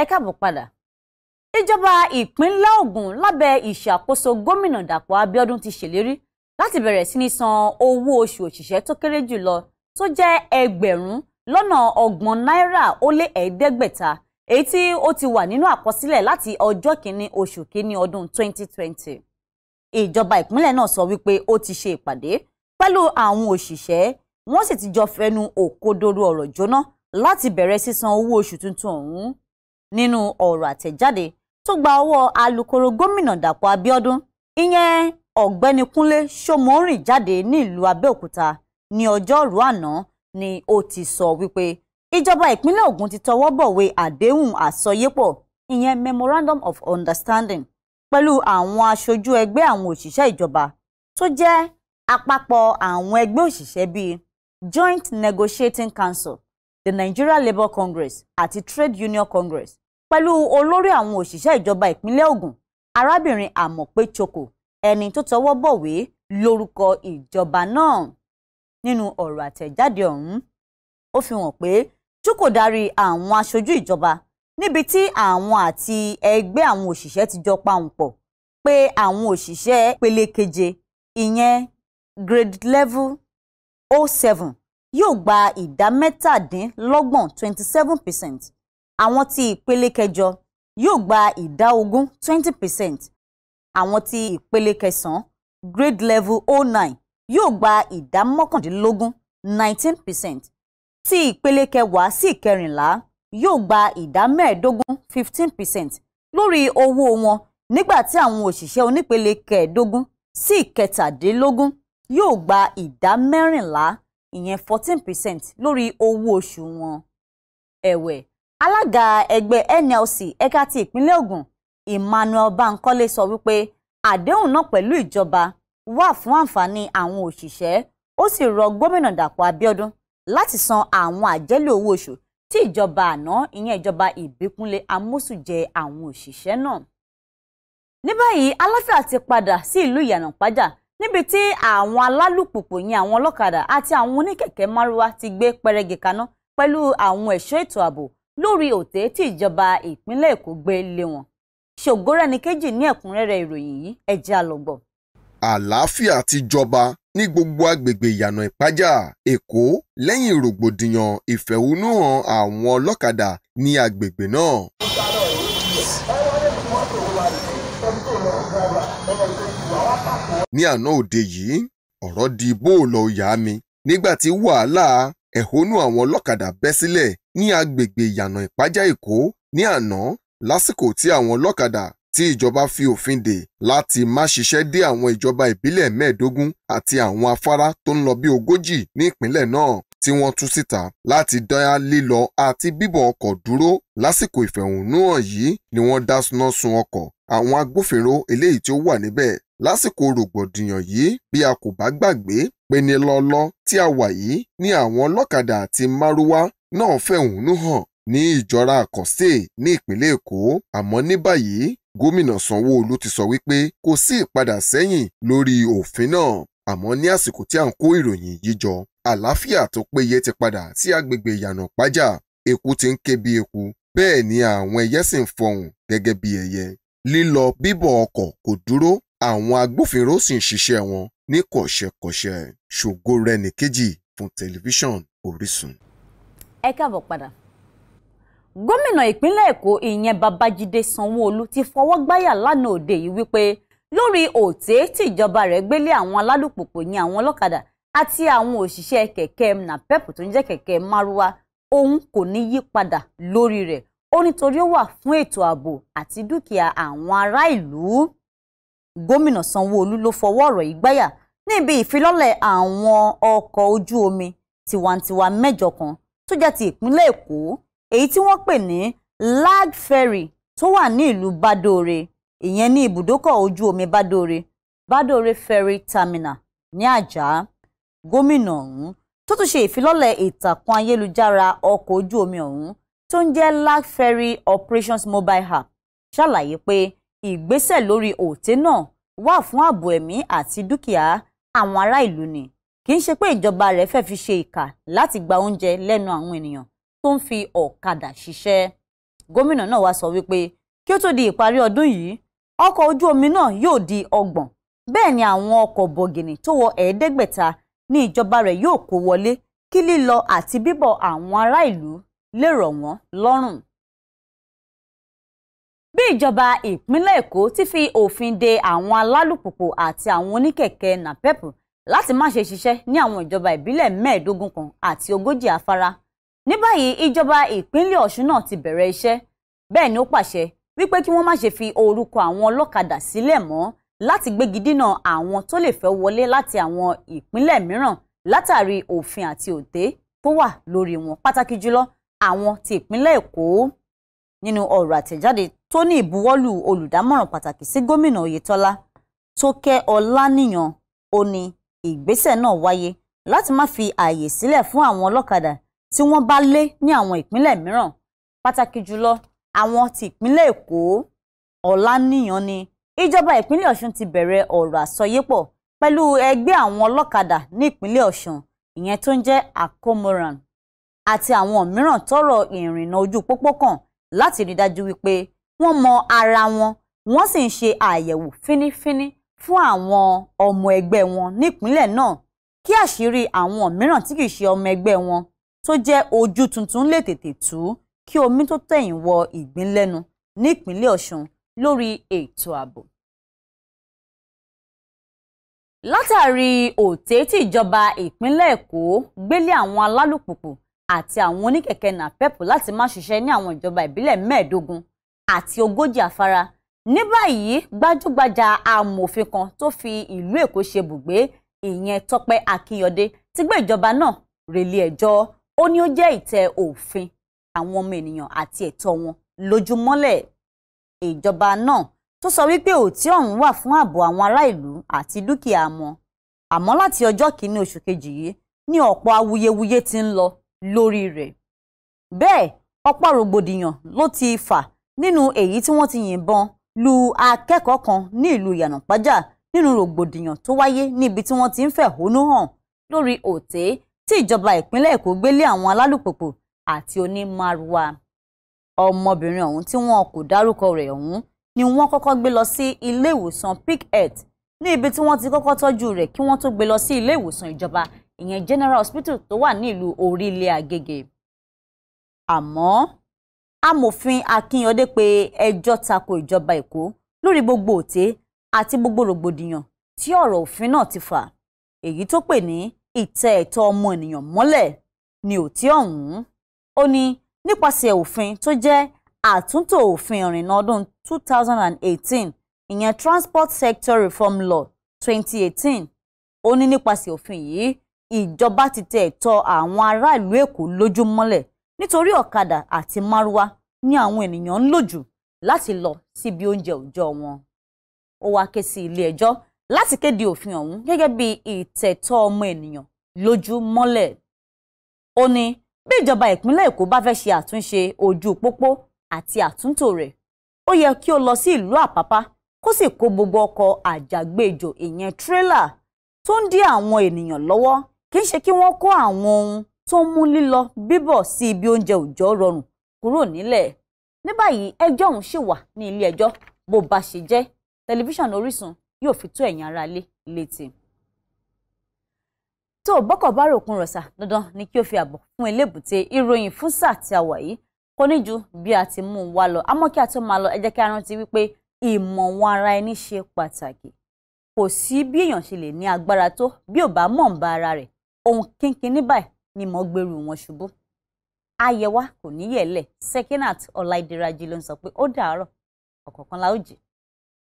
ẹ káàbọ̀ padà ìjọba ìpínlẹ̀ Ògùn lábẹ́ ìṣàkóso gómìnà Dàpọ̀ Abíọ́dún ti ṣèlérí láti bẹ̀rẹ̀ sí ní san owó oṣù òṣìṣẹ́ tó kéré jùlọ tó jẹ́ ẹgbẹ̀rún lọ́nà ọgbọ̀n náírà ó lé ẹ̀ẹ́dẹ́gbẹ̀ta èyí tí ó ti wà nínú àkọsílẹ̀ láti ọjọ́ kìíní oṣù kìíní ọdún 2020 ìjọba ìpínlẹ̀ náà sọ wípé ó ti ṣe ìpàdé pẹ̀lú àwọn òṣìṣẹ́ wọ́n sì ti jọ fẹnu òkodoro ọ̀rọ̀ jóná láti bẹ̀rẹ̀ sísan owó oṣù tuntun ọ̀hún nínú ọ̀rọ̀ àtẹ̀jáde tó gba ọwọ́ alukoro gómìnà Dàpọ̀ Abíọ́dún ìyẹn ọ̀gbẹ́ni Kúnlé Ṣómórìn jáde nílùú Abẹ́òkúta ní ọjọ́rú àná ni ó ti sọ wípé ìjọba ìpínlẹ̀ Ògùn ti tọwọ́ bọ̀wé àdéhùn àsọyépọ̀ ìyẹn memorandum of understanding pẹ̀lú àwọn aṣojú ẹgbẹ́ àwọn òṣìṣẹ́ ìjọba tó jẹ́ àpapọ̀ àwọn ẹgbẹ́ òṣìṣẹ́ bíi Joint Negotiating Council the Nigeria Labour Congress àti Trade Union Congress pẹ̀lú olórí àwọn òṣìṣẹ́ ìjọba ìpínlẹ̀ Ògùn arábìnrin Àmọ̀pé Choko ẹni tó tọwọ́ bọ̀wé lórúkọ ìjọba náà nínú ọ̀rọ̀ àtẹ̀jáde ọ̀hún ó fi hàn pé Choko darí àwọn aṣojú ìjọba níbi tí àwọn àti ẹgbẹ́ àwọn òṣìṣẹ́ ti jọ pahùn pọ̀ pé àwọn òṣìṣẹ́ pele ìyẹn grade level 07 yóò gba ìdá mẹ́tàdínlọ́gbọ̀n twenty seven percent àwọn ti ìpele kẹjọ yóò gba ìdá ogún twenty percent àwọn ti ìpele kẹsàn-án grade level oh nine yóò gba ìdá mọ́kàndínlógún nineteen percent tí ìpele kẹwàá sí ìkẹrìnlá yóò gba ìdá mẹ́ẹ̀ẹ́dógún fifteen percent lórí owó wọn nígbà tí àwọn òṣìṣẹ́ onípele kẹẹ̀ẹ́dógún sí ìkẹtàdínlógún yóò gba ìdá mẹ́rìnlá ìyẹn fourteen percent lórí owó oṣù wọn. ẹ̀wẹ̀ alága ẹgbẹ́ NLC ẹ̀ka ti ìpínlẹ̀ Ògùn Emmanuel Bankole sọ wípé àdéhùn náà pẹ̀lú ìjọba wà fún àǹfààní àwọn òṣìṣẹ́ ó sì rọ gómìnà Dàpọ̀ Abíọ́dún láti san àwọn àjẹ́lé owó oṣù tí ìjọba àná ìyẹn ìjọba Ìbíkúnlé Amósù jẹ àwọn òṣìṣẹ́ náà. ní báyìí aláfíà ti padà sí ìlú Ìyànàpájà níbi tí àwọn alálùpùpù yẹn àwọn ọlọ́kadà àti àwọn oníkẹ̀kẹ́ márúwá ti gbé pẹrẹgì kaná pẹ̀lú àwọn ẹ̀ṣọ́ ètò ààbò lórí òté tí ìjọba ìpínlẹ̀ Èkó gbé lé wọn Ṣògórẹ́níkejì ní ẹ̀kúnrẹ́rẹ́ ìròyìn yìí ẹ jẹ́ á lọ gbọ́. àlàáfíà ti jọba ní gbogbo agbègbè ìyànà ìpájà Èkó lẹ́yìn rògbòdìyàn ìfẹ̀hónúhàn ní àná òde yìí ọ̀rọ̀ di bóòlọ̀ òyà mi nígbà tí wàhálà ẹ̀hónú àwọn ọlọ́kadà bẹ́ sílẹ̀ ní agbègbè ìyànà ìpájà èkó ní àná lásìkò tí àwọn ọlọ́kadà tí ìjọba fi òfin dè láti má ṣiṣẹ́ dé àwọn ìjọba ìbílẹ̀ mẹ́ẹ̀ẹ́dógún àti àwọn afárá tó ń lọ bí ogójì ní ìpínlẹ̀ náà tí wọ́n tú síta láti dá lílọ àti bíbọ̀ ọkọ̀ dúró lásìkò ìfẹ̀hónúhàn yìí ni wọ́n dá sùn ọkọ̀ àwọn agbófinró eléyìí tí ó wà níbẹ̀ lásìkò rògbòdìyàn yìí bí a kò bá gbàgbé penilọ́lọ́ tí a wà yìí ni àwọn ọlọ́kadà àti márúwá náà fẹ̀hónú hàn ní ìjọra àkànṣe ní ìpínlẹ̀ èkó àmọ́ ní báyìí gómìnà sanwó-olu ti sọ wípé kò sí ìpadàsẹ́yìn lórí òfin náà àmọ́ ní àsìkò tí à ń kó ìròyìn yìí jọ àlàáfíà tó péye ti padà sí agbègbè ìyànà pájà eku ti ń ké bí eku bẹ́ẹ̀ ni àwọn ẹyẹ sì ń fọhùn gẹ́gẹ́ bí ẹyẹ lílọ bíbọ̀ ọkọ̀ kò dúró àwọn agbófinró sì ń ṣiṣẹ́ wọn ní kọ̀ṣẹ̀kọ̀ṣẹ̀ ṣògo rẹ̀ nìkejì fún tẹlifíṣàn Orísun. ẹ káàbọ̀ padà gómìnà ìpínlẹ̀ èkó ìyẹn babájídé sanwóolu ti fọwọ́ gbáyà lánàá òde yìí wípé lórí òtẹ́ tí ìjọba rẹ̀ gbélé àwọn alálùpùpù ní àwọn ọlọ́kadà àti àwọn òṣìṣẹ́ kẹ̀kẹ́ napep tó ń jẹ́ kẹ̀kẹ́ márúwá òun kò ní yí padà lórí rẹ̀ ó nítorí ó wà fún ètò ààbò àti dúkìá àwọn ará ìlú gómìnà sanwóolu ló fọwọ́ ọ̀rọ̀ yìí gbáyà níbi ìfilọ́lẹ̀ àwọn ọkọ̀ ojú omi tiwantiwa mẹ́jọ kan tó jẹ́ ti ìpínlẹ̀ èkó èyí tí wọ́n pè ní lag ferry tó wà ní ìlú badore ìyẹn ní ibùdókọ̀ ojú omi badore badore ferry terminal ní àjà gómìnà ọ̀hún tó tún ṣe ìfilọ́lẹ̀ ìtàkùn ayélujára ọkọ̀ ojú omi ọ̀hún tó ń jẹ́ lag ferry operations mobile app ṣàlàyé pé ìgbésẹ̀ lórí òtẹ́ náà wà fún ààbò ẹ̀mí àti dúkìá àwọn ará ìlú ni kì í ṣe pé ìjọba rẹ̀ fẹ́ fi ṣe ìkà láti gba oúnjẹ lẹ́nu àwọn ènìyàn tó ń fi ọ̀kadà ṣiṣẹ́ gómìnà náà wá sọ wípé kí ó tó di ìparí ọdún yìí ọkọ̀ ojú omi náà yóò di ọgbọ̀n bẹ́ẹ̀ ni àwọn ọkọ̀ bọ̀gìnì tó wọ ẹ̀ẹ́dẹ́gbẹ̀ta ní ìjọba rẹ̀ yóò kó wọlé kí lílọ àti bíbọ̀ àwọn ará ìlú lè rọ̀ wọ́n lọ́rùn bí ìjọba ìpínlẹ̀ èkó ti fi òfin de àwọn alálùpùpù àti àwọn oníkẹ̀kẹ́ napep láti má ṣe ṣiṣẹ́ ní àwọn ìjọba ìbílẹ̀ mẹ́ẹ̀ẹ́dógún kan àti ogójì afárá ní báyìí ìjọba ìpínlẹ̀ ọ̀ṣun náà ti bẹ̀rẹ̀ iṣẹ́ bẹ́ẹ̀ ni ó pàṣẹ wípé kí wọ́n má ṣe fi orúkọ àwọn ọlọ́kadà sílẹ̀ mọ́ láti gbégi dínà àwọn tó lè fẹ́ wọlé láti àwọn ìpínlẹ̀ mìíràn látàrí òfin àti òté tó wà lórí wọn pàtàkì jùlọ àwọn ti ìpínlẹ̀ èkó nínú ọ̀rọ̀ àtẹ̀jáde tó ní ìbuwọ́lù olùdámọ̀ràn pàtàkì sí gómìnà Oyètọ́lá Tókẹ́ Ọláníyàn ó ní ìgbésẹ̀ náà wáyé láti má fi ààyè sílẹ̀ fún àwọn ọlọ́kadà tí wọ́n bá lé ní àwọn ìpínlẹ̀ mìíràn pàtàkì jùlọ àwọn ti ìpínlẹ̀ Èkó Ọláníyàn ni ìjọba ìpínlẹ̀ Ọ̀ṣun ti bẹ̀rẹ̀ ọ̀rọ̀ àsọyépọ̀ pẹ̀lú ẹgbẹ́ àwọn ọlọ́kadà ní ìpínlẹ̀ Ọ̀ṣun ìyẹn tó ń jẹ́ Àkómoran àti àwọn mìíràn tọ́rọ̀ ìrìnnà ojú pópó kàn láti rí dájú wípé wọ́n mọ ara wọn wọ́n sì ń ṣe àyẹ̀wò fínífíní fún àwọn ọmọ ẹgbẹ́ wọn nípínlẹ̀ náà kí àṣírí àwọn mìíràn tí kìí ṣe ọmọ ẹgbẹ́ wọn tó jẹ́ ojú tuntun lè tètè tú kí omi tó tẹ̀yìn wọ ìgbín lẹ́nu nípínlẹ̀ Ọ̀ṣun lórí ètò ààbò. látàrí òté tí ìjọba ìpínlẹ̀ Èkó gbélé àwọn alálùpùpù àti àwọn oníkẹ̀kẹ́ nàpẹ́pù láti má ṣiṣẹ́ ní àwọn ìjọba ìbílẹ̀ mẹ́ẹ̀ẹ́dógún àti ogójì afárá ní báyìí gbajúgbajà amòfin kan tó fi ìlú èkó ṣe bùgbé ìyẹn tọ́pẹ́ akínyọdé ti gbé ìjọba náà relé ẹjọ́ ó ní ó jẹ́ ìtẹ̀ òfin àwọn ọmọ ènìyàn àti ẹ̀tọ́ wọn lójúmọ́lẹ̀ ìjọba náà tó sọ wípé òtí ọ̀hún wà fún ààbò àwọn ará ìlú àti dúkìá wọn àmọ́ láti ọjọ́ kìíní oṣù kejì yìí ní ọ̀pọ̀ awuyewuye ti ń lọ lórí rẹ̀ bẹ́ẹ̀ ọ̀pọ̀ rògbòdìyàn ló ti fà nínú èyí tí wọ́n ti yìnbọn lu akẹ́kọ̀ọ́ kan ní ìlú yànàpájà nínú rògbòdìyàn tó wáyé níbi tí wọ́n ti ń fẹ̀hónú hàn lórí òtẹ́ tí ìjọba ìpínlẹ̀ èkó gbélé àwọn alálùpùpù àti onímàrúwá ọmọbìnrin ọ̀hún tí wọn kò dárúkọ rẹ̀ ọ̀hún ni wọ́n kọ́kọ́ gbé lọ sí ilé ìwòsàn PicEarth ní ibi tí wọ́n ti kọ́kọ́ tọ́jú rẹ̀ kí wọ́n tó gbé lọ sí ilé ìwòsàn ìjọba ìyẹn General Hospital tó wà ní ìlú Orílẹ̀ Agége àmọ́ amòfin akínyọdé pé ẹjọ́ tako ìjọba èkó lórí gbogbo òtẹ́ àti gbogbo rògbòdìyàn tí ọ̀rọ̀ òfin náà ti fà èyí tó pè ní ìtẹ́ ẹ̀tọ́ ọmọ ènìyàn mọ́lẹ̀ ni òtí ọ̀hún ó ní nípasẹ̀ òfin tó jẹ́ àtúntò òfin ìrìnnà ọdún 2018 ìyẹn transport sector reform law 2018 ó ní nípasẹ̀ òfin yìí ìjọba ti tẹ ẹ̀tọ́ àwọn ará ìlú èkó lójú mọ́lẹ̀ nítorí ọ̀kadà àti márúwá ni àwọn ènìyàn ń lò jù láti lọ síbi oúnjẹ òòjọ́ wọn ó wá ké sí ilé ẹjọ́ láti kéde òfin ọ̀hún gẹ́gẹ́ bí ìtẹ̀tọ́ ọmọ ènìyàn lójú mọ́lẹ̀ ó ní bí ìjọba ìpínlẹ̀ èkó bá fẹ́ ṣe àtúnṣe ojú pópó àti àtúntò rẹ̀ ó yẹ kí ó lọ sí ìlú àpápá kó sì kó gbogbo ọkọ̀ àjàgbéjò ìyẹn tírélà tó ń dí àwọn ènìyàn lọ́wọ́ kì í ṣe kí wọ́n kó àwọn ohun tó ń mú lílọ bíbọ̀ sí ibi oúnjẹ òòjọ́ rọrùn kúrò nílẹ̀ ní báyìí ẹjọ́ ọ̀hún ṣì wà ní ilé ẹjọ́ bó bá ṣe jẹ́ tẹlifíṣàn Orísun yóò fi tó ẹ̀yin aráalé létí. tó o bọ́kọ̀ bá ròkun rọ̀ṣà dandan ni kí o fi àbọ̀ fún elébùté ìròyìn fún sáà tí a wà yìí kò ní ju bí a ti mú un wá lọ àmọ́ kí a tó máa lọ ẹ jẹ́ kí a rántí wípé ìmọ̀ wọn ara ẹni ṣe pàtàkì kò sí bí èèyàn ṣe lè ní agbára tó bí ò bá mọ̀ ń bá ara rẹ̀ ohun kínkín ní báyìí ni mo gbèrú wọn ṣubú ayẹwa kò níyẹlẹ Sekinat Ọláìdíraji ló ń sọ pé ó dàárọ̀ ọ̀kọ̀ọ̀kan la ó jì